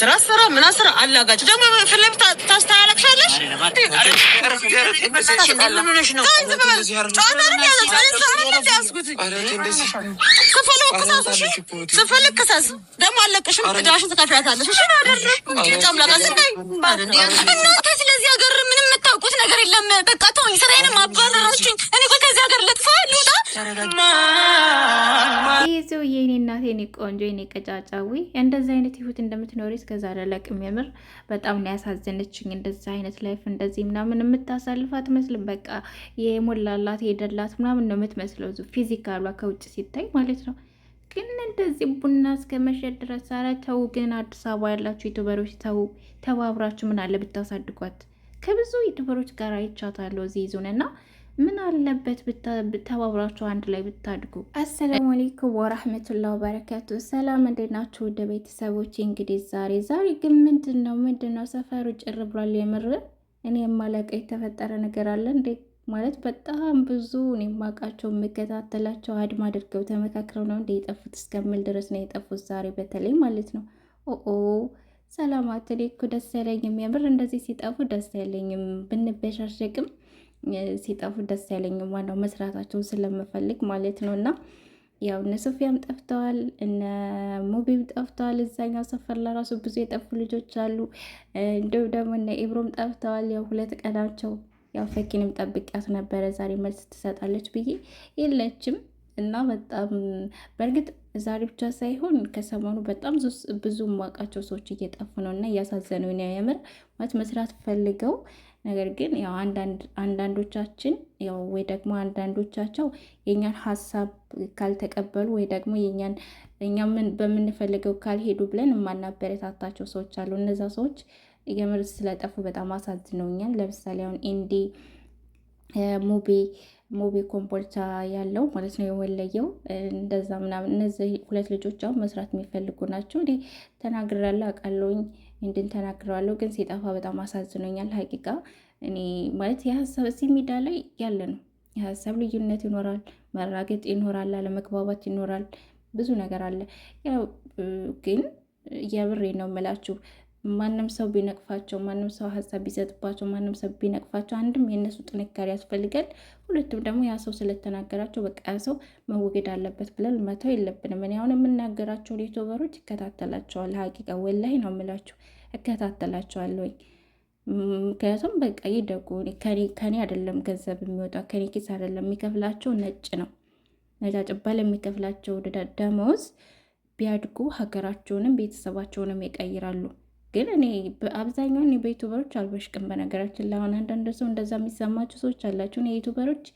ስራ ስራ ምን ስራ አላጋጭ ደግሞ ፍለም ታስተላለቅሻለሽ። ስፈልግ ክሰስ ደግሞ አለቅሽም፣ ዕዳሽን ትከፍያታለሽ። እሺ ስለዚህ ሀገር የኔ ቆንጆ የኔ ቀጫጫዊ እንደዚህ አይነት ህይወት እንደምትኖሪ እስከዛ አላቅም። የምር በጣም ነው ያሳዘነችኝ። እንደዚህ አይነት ላይፍ እንደዚህ ምናምን የምታሳልፍ አትመስልም። በቃ የሞላላት የደላት ምናምን ነው የምትመስለው ፊዚካሏ ከውጭ ሲታይ ማለት ነው። ግን እንደዚህ ቡና እስከ መሸጥ ድረስ። ኧረ ተው ግን አዲስ አበባ ያላችሁ ዩቱበሮች ተው፣ ተባብራችሁ ምን አለ ብታሳድጓት። ከብዙ ዩቱበሮች ጋር አይቻታለሁ እዚህ ይዙን እና ምን አለበት ተባብራችሁ አንድ ላይ ብታድጉ። አሰላሙ አሌይኩም ወራህመቱላ ወበረካቱ። ሰላም እንዴት ናችሁ ወደ ቤተሰቦች? እንግዲህ ዛሬ ዛሬ ግን ምንድን ነው ምንድን ነው ሰፈሩ ጭር ብሏል። የምር እኔ የማላውቀው የተፈጠረ ነገር አለ እንዴ? ማለት በጣም ብዙ እኔ የማውቃቸው የምከታተላቸው አድማ አድርገው ተመካክረው ነው እንዴ የጠፉት እስከምል ድረስ ነው የጠፉት። ዛሬ በተለይ ማለት ነው ኦኦ ሰላማት እኔ ደስ አይለኝም። የምር እንደዚህ ሲጠፉ ደስ ያለኝም ብንበሻሸቅም ሲጠፉ ደስ ያለኝ ዋናው መስራታቸውን ስለምፈልግ ማለት ነው። እና ያው እነ ሶፊያም ጠፍተዋል፣ እነ ሙቢም ጠፍተዋል። እዛኛው ሰፈር ለራሱ ብዙ የጠፉ ልጆች አሉ። እንዲሁም ደግሞ እነ ኢብሮም ጠፍተዋል። ያው ሁለት ቀናቸው ያው ፈኪንም ጠብቂያት ነበረ ዛሬ መልስ ትሰጣለች ብዬ የለችም እና በጣም በእርግጥ ዛሬ ብቻ ሳይሆን ከሰሞኑ በጣም ብዙ ማውቃቸው ሰዎች እየጠፉ ነው እና እያሳዘኑ ነው የምር ማለት መስራት ፈልገው ነገር ግን ያው አንዳንዶቻችን ያው ወይ ደግሞ አንዳንዶቻቸው የእኛን ሀሳብ ካልተቀበሉ ወይ ደግሞ የእኛን እኛ በምንፈልገው ካልሄዱ ብለን የማናበረታታቸው ሰዎች አሉ። እነዛ ሰዎች የምር ስለጠፉ በጣም አሳዝነውኛል። ለምሳሌ አሁን ኤንዲ ሙቤ ሙቤ ኮምቦልቻ ያለው ማለት ነው የወለየው እንደዛ ምናምን እነዚህ ሁለት ልጆች አሁን መስራት የሚፈልጉ ናቸው። ተናግራለሁ አውቃለሁኝ። እንድን ተናግረዋለሁ። ግን ሲጠፋ በጣም አሳዝኖኛል። ሀቂቃ እኔ ማለት የሀሳብ እዚህ ሜዳ ላይ ያለ ነው። የሀሳብ ልዩነት ይኖራል፣ መራገጥ ይኖራል፣ አለመግባባት ይኖራል፣ ብዙ ነገር አለ። ያው ግን የብሬ ነው የምላችሁ ማንም ሰው ቢነቅፋቸው፣ ማንም ሰው ሀሳብ ቢሰጥባቸው፣ ማንም ሰው ቢነቅፋቸው፣ አንድም የእነሱ ጥንካሬ ያስፈልጋል፣ ሁለቱም ደግሞ ያ ሰው ስለተናገራቸው በቃ ያ ሰው መወገድ አለበት ብለን መተው የለብንም። እኔ አሁን የምናገራቸው ዩቱበሮች ይከታተላቸዋል። ሀቂቃ ወላሂ ነው የምላቸው፣ እከታተላቸዋለሁኝ ምክንያቱም በቃ ይደጉ። ከኔ አይደለም ገንዘብ የሚወጣ ከኔ ኪስ አይደለም። የሚከፍላቸው ነጭ ነው ነጭ ጭባል የሚከፍላቸው ደመወዝ ቢያድጉ ሀገራቸውንም ቤተሰባቸውንም ይቀይራሉ። ግን እኔ አብዛኛውን እኔ በዩቱበሮች አልበሽቅም። በነገራችን ላይ አሁን አንዳንድ ሰው እንደዛ የሚሰማችሁ ሰዎች አላችሁ። እኔ ዩቱበሮች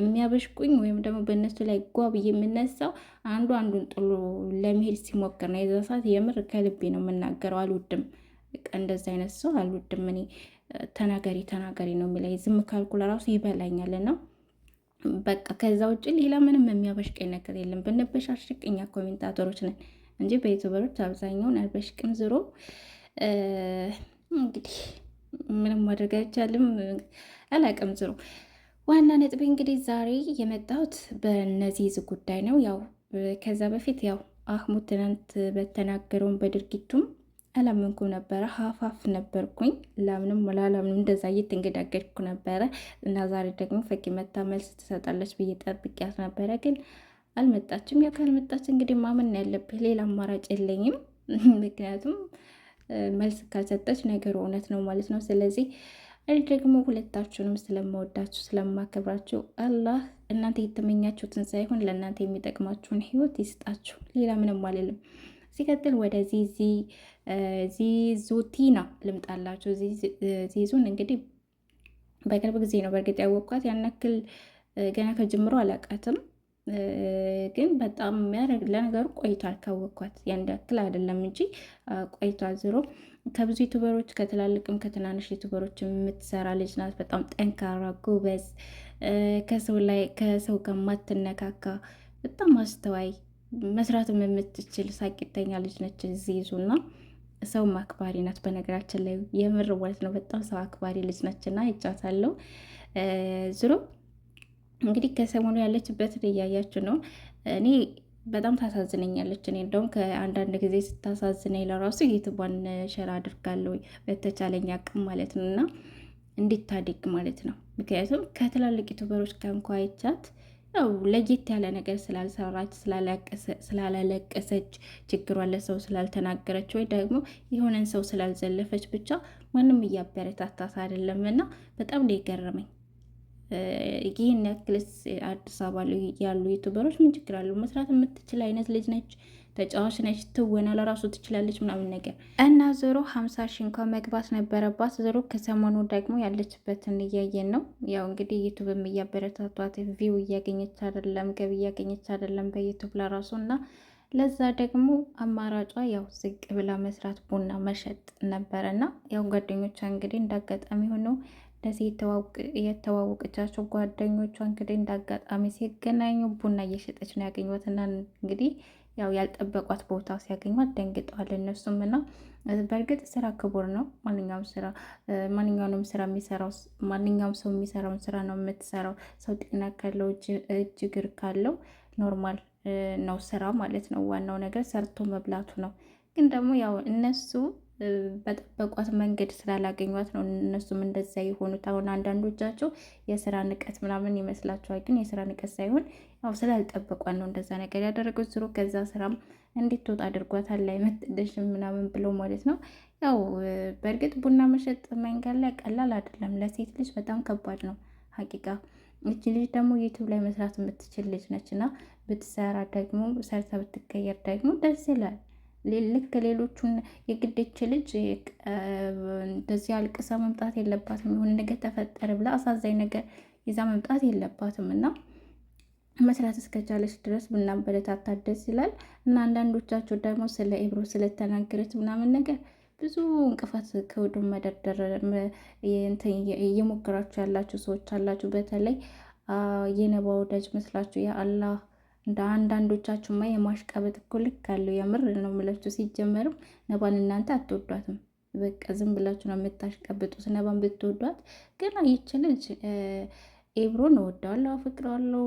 የሚያበሽቁኝ ወይም ደግሞ በእነሱ ላይ ጓ ብዬ የምነሳው አንዱ አንዱን ጥሎ ለመሄድ ሲሞክር ነው። የዛ ሰዓት የምር ከልቤ ነው የምናገረው። አልወድም፣ እንደዚ አይነት ሰው አልወድም። እኔ ተናገሪ ተናገሪ ነው የሚለኝ። ዝም ካልኩላ ራሱ ይበላኛል ነው በቃ ከዛ ውጭ ሌላ ምንም የሚያበሽቀኝ ነገር የለም። ብንበሻሽቅ እኛ ኮሜንታተሮች ነን እንጂ በዩቱበሮች አብዛኛውን አልበሽቅም ዝሮ እንግዲህ ምንም ማድረግ አይቻልም። አላቅም ዝሮ ዋና ነጥቤ እንግዲህ ዛሬ የመጣሁት በነዚህ ጉዳይ ነው። ያው ከዛ በፊት ያው አህሙ ትናንት በተናገረውን በድርጊቱም አላመንኩም ነበረ። ሀፋፍ ነበርኩኝ ላምንም ላላምንም እንደዛ እየተንገዳገድኩ ነበረ እና ዛሬ ደግሞ ፈቂ መታ መልስ ትሰጣለች ብዬ ጠብቂያት ነበረ፣ ግን አልመጣችም። ያው ካልመጣች እንግዲህ ማመን ያለብህ ሌላ አማራጭ የለኝም ምክንያቱም መልስ ካልሰጠች ነገሩ እውነት ነው ማለት ነው። ስለዚህ እኔ ደግሞ ሁለታችሁንም ስለማወዳችሁ ስለማከብራችሁ አላህ እናንተ የተመኛችሁትን ሳይሆን ለእናንተ የሚጠቅማችሁን ህይወት ይስጣችሁ። ሌላ ምንም አልልም። ሲቀጥል ወደ ዚዚ ዚዙቲና ልምጣላችሁ። ዚዙን እንግዲህ በቅርብ ጊዜ ነው በእርግጥ ያወቅኳት። ያን ያክል ገና ከጅምሮ አላውቃትም። ግን በጣም የሚያደርግ ለነገሩ ቆይቷል ካወቅኳት ያን ያክል አይደለም እንጂ ቆይቷል። ዞሮ ከብዙ ዩቱበሮች ከትላልቅም ከትናንሽ ዩቱበሮች የምትሰራ ልጅ ናት። በጣም ጠንካራ ጎበዝ፣ ከሰው ላይ ከሰው ጋር የማትነካካ በጣም አስተዋይ፣ መስራትም የምትችል ሳቂተኛ ልጅ ነች። እዚህ ይዙና ሰውም አክባሪ ናት። በነገራችን ላይ የምር ማለት ነው በጣም ሰው አክባሪ ልጅ ነችና ይጫታለው ዞሮ እንግዲህ ከሰሞኑ ያለችበትን እያያችሁ ነው። እኔ በጣም ታሳዝነኛለች። እኔ እንደውም ከአንዳንድ ጊዜ ስታሳዝነኝ ለራሱ የትቧን ሸራ አድርጋለሁ በተቻለኝ አቅም ማለት ነው እና እንዲታደግ ማለት ነው። ምክንያቱም ከትላልቅ ዩቱበሮች ጋር አይቻት ያው ለየት ያለ ነገር ስላልሰራች ስላላለቀሰች፣ ችግሯን ለሰው ስላልተናገረች፣ ወይ ደግሞ የሆነን ሰው ስላልዘለፈች ብቻ ማንም እያበረታታት አይደለም እና በጣም ነው የገረመኝ። ይህን ያክልስ አዲስ አበባ ያሉ ዩቱበሮች ምን ችግር አለው? መስራት የምትችል አይነት ልጅ ነች፣ ተጫዋች ነች፣ ትወና ለራሱ ትችላለች ምናምን ነገር እና ዞሮ ሀምሳ ሺ እንኳ መግባት ነበረባት። ዞሮ ከሰሞኑ ደግሞ ያለችበትን እያየን ነው። ያው እንግዲህ ዩቱብ እያበረታቷት ቪው እያገኘች አይደለም፣ ገቢ እያገኘች አይደለም በዩቱብ ለራሱ እና ለዛ ደግሞ አማራጯ ያው ዝቅ ብላ መስራት ቡና መሸጥ ነበረ ነበረና ያው ጓደኞቿ እንግዲህ እንዳጋጣሚ ሆነው እንደዚህ የተዋወቀቻቸው ጓደኞቿ እንግዲህ እንዳጋጣሚ ሲገናኙ ቡና እየሸጠች ነው ያገኟትና እንግዲህ ያው ያልጠበቋት ቦታ ሲያገኟት ደንግጠዋል። እነሱም እና በእርግጥ ስራ ክቡር ነው። ማንኛውም ስራ ማንኛውንም ስራ የሚሰራው ማንኛውም ሰው የሚሰራውን ስራ ነው የምትሰራው። ሰው ጤና ካለው እጅ እግር ካለው ኖርማል ነው ስራ ማለት ነው። ዋናው ነገር ሰርቶ መብላቱ ነው። ግን ደግሞ ያው እነሱ በጠበቋት መንገድ ስላላገኟት ነው እነሱም እንደዛ የሆኑት። አሁን አንዳንዶቻቸው የስራ ንቀት ምናምን ይመስላቸዋል፣ ግን የስራ ንቀት ሳይሆን ያው ስላልጠበቋት ነው እንደዛ ነገር ያደረገች። ዝሮ ከዛ ስራም ትወጣ አድርጓታል። ላይ መጥደሽም ምናምን ብለው ማለት ነው። ያው በእርግጥ ቡና መሸጥ መንገድ ላይ ቀላል አይደለም፣ ለሴት ልጅ በጣም ከባድ ነው ሀቂቃ እቺ ልጅ ደግሞ ዩቲዩብ ላይ መስራት የምትችል ልጅ ነች እና ብትሰራ ደግሞ ሰርታ ብትቀየር ደግሞ ደስ ይላል። ልክ ሌሎቹን የግዴች ልጅ እንደዚህ አልቅሳ መምጣት የለባትም። የሆነ ነገር ተፈጠረ ብላ አሳዛኝ ነገር ይዛ መምጣት የለባትም እና መስራት እስከቻለች ድረስ ብናበረታታት ደስ ይላል። እና አንዳንዶቻቸው ደግሞ ስለ ኤብሮ ስለተናገረች ምናምን ነገር ብዙ እንቅፋት ከወደ መደርደር እየሞከራችሁ ያላችሁ ሰዎች አላችሁ። በተለይ የነባ ወዳጅ መስላችሁ የአላህ እንደ አንዳንዶቻችሁማ የማሽቃበጥ እኮ ልክ አለው። የምር ነው ምላችሁ። ሲጀመርም ነባን እናንተ አትወዷትም። በቃ ዝም ብላችሁ ነው የምታሽቀብጡት። ነባን ብትወዷት ግን ይች ልጅ ኤብሮን እወዳለሁ፣ አፈቅረዋለሁ፣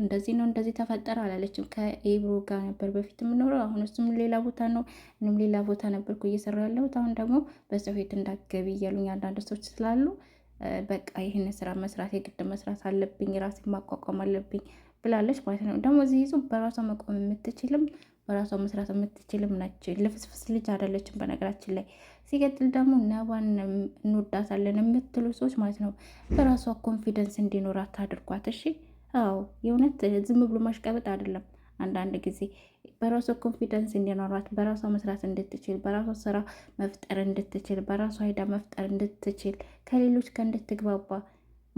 እንደዚህ ነው እንደዚህ ተፈጠረ አላለችም። ከኤብሮ ጋር ነበር በፊት የምኖረው። አሁን እሱም ሌላ ቦታ ነው፣ እኔም ሌላ ቦታ ነበርኩ እየሰራ ያለሁት። አሁን ደግሞ በሰው ቤት እንዳትገቢ እያሉኝ አንዳንድ ሰዎች ስላሉ በቃ ይህን ስራ መስራት የግድ መስራት አለብኝ፣ ራሴን ማቋቋም አለብኝ ብላለች ማለት ነው። ደግሞ እዚህ ይዞ በራሷ መቆም የምትችልም በራሷ መስራት የምትችልም ናች። ልፍስፍስ ልጅ አይደለችም በነገራችን ላይ። ሲቀጥል ደግሞ ነባን እንወዳታለን የምትሉ ሰዎች ማለት ነው በራሷ ኮንፊደንስ እንዲኖራት ታድርጓት። እሺ፣ አዎ የእውነት ዝም ብሎ ማሽቀበጥ አይደለም። አንዳንድ ጊዜ በራሷ ኮንፊደንስ እንዲኖራት በራሷ መስራት እንድትችል በራሷ ስራ መፍጠር እንድትችል በራሷ ሄዳ መፍጠር እንድትችል ከሌሎች ከእንድትግባባ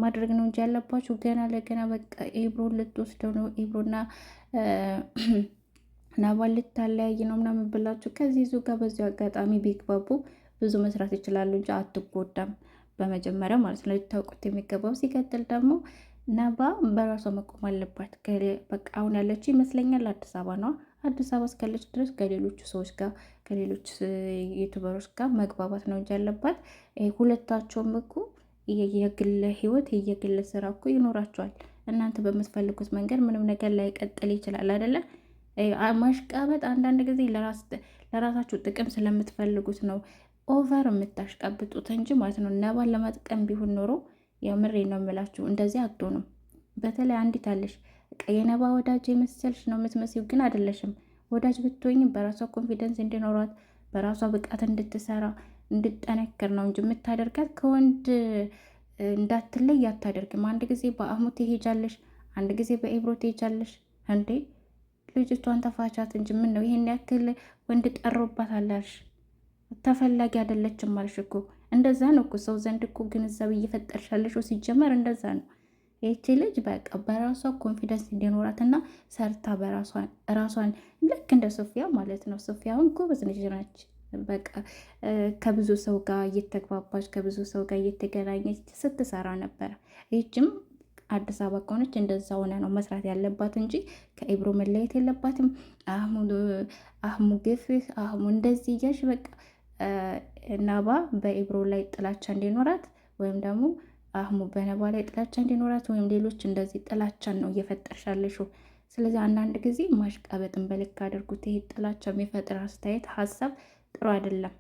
ማድረግ ነው እንጂ ያለባችሁ ገና ለገና በቃ ኤብሮ ልትወስደው ነው ኤብሮና ናባል ልታለያይ ነው ምናምን ብላችሁ ከዚህ ዙ ጋር በዚሁ አጋጣሚ ቢግባቡ ብዙ መስራት ይችላሉ እንጂ አትጎዳም። በመጀመሪያ ማለት ነው ልታውቁት የሚገባው። ሲቀጥል ደግሞ ነባ በራሷ መቆም አለባት። በቃ አሁን ያለችው ይመስለኛል አዲስ አበባ ነው። አዲስ አበባ እስካለች ድረስ ከሌሎቹ ሰዎች ጋር ከሌሎች ዩቱበሮች ጋር መግባባት ነው እንጂ ያለባት ሁለታቸውም እኮ የግል ህይወት የየግለ ስራ እኮ ይኖራቸዋል። እናንተ በምትፈልጉት መንገድ ምንም ነገር ላይቀጥል ይችላል አይደለ? ማሽቃበጥ አንዳንድ ጊዜ ለራሳችሁ ጥቅም ስለምትፈልጉት ነው ኦቨር የምታሽቃብጡት እንጂ ማለት ነው። ነባን ለመጥቀም ቢሆን ኖሮ የምሬ ነው የምላችሁ፣ እንደዚህ አትሆኑም። በተለይ አንዲት አለሽ የነባ ወዳጅ የመሰልሽ ነው የምትመስዩ፣ ግን አይደለሽም። ወዳጅ ብትሆኝም በራሷ ኮንፊደንስ እንዲኖሯት በራሷ ብቃት እንድትሰራ እንድጠነክር ነው እንጂ የምታደርጋት ከወንድ እንዳትለይ አታደርግም። አንድ ጊዜ በአህሙ ትሄጃለሽ፣ አንድ ጊዜ በኤብሮ ትሄጃለሽ። እንዴ ልጅቷን ተፋቻት እንጂ ምን ነው ይሄን ያክል ወንድ ጠሮባት አላልሽ? ተፈላጊ አይደለችም አልሽ እኮ። እንደዛ ነው እኮ ሰው ዘንድ እኮ ግንዛቤ እየፈጠርሻለሽ ሲጀመር እንደዛ ነው። ይቺ ልጅ በቃ በራሷ ኮንፊደንስ እንዲኖራት እና ሰርታ በራሷን ራሷን ልክ እንደ ሶፊያ ማለት ነው። ሶፊያውን ጎበዝ ልጅ ናች። በቃ ከብዙ ሰው ጋር እየተግባባች ከብዙ ሰው ጋር እየተገናኘች ስትሰራ ነበረ። ይህችም አዲስ አበባ ከሆነች እንደዛ ሆነ ነው መስራት ያለባት እንጂ ከኢብሮ መለየት የለባትም። አህሙ ግፍህ፣ አህሙ እንደዚህ እያልሽ በቃ ናባ በኢብሮ ላይ ጥላቻ እንዲኖራት ወይም ደግሞ አህሙ በነባ ላይ ጥላቻ እንዲኖራት ወይም ሌሎች እንደዚህ ጥላቻን ነው እየፈጠርሻለሽ። ስለዚህ አንዳንድ ጊዜ ማሽቃበጥን በልክ አድርጉት። ይሄ ጥላቻ የሚፈጥር አስተያየት ሀሳብ ጥሩ አይደለም።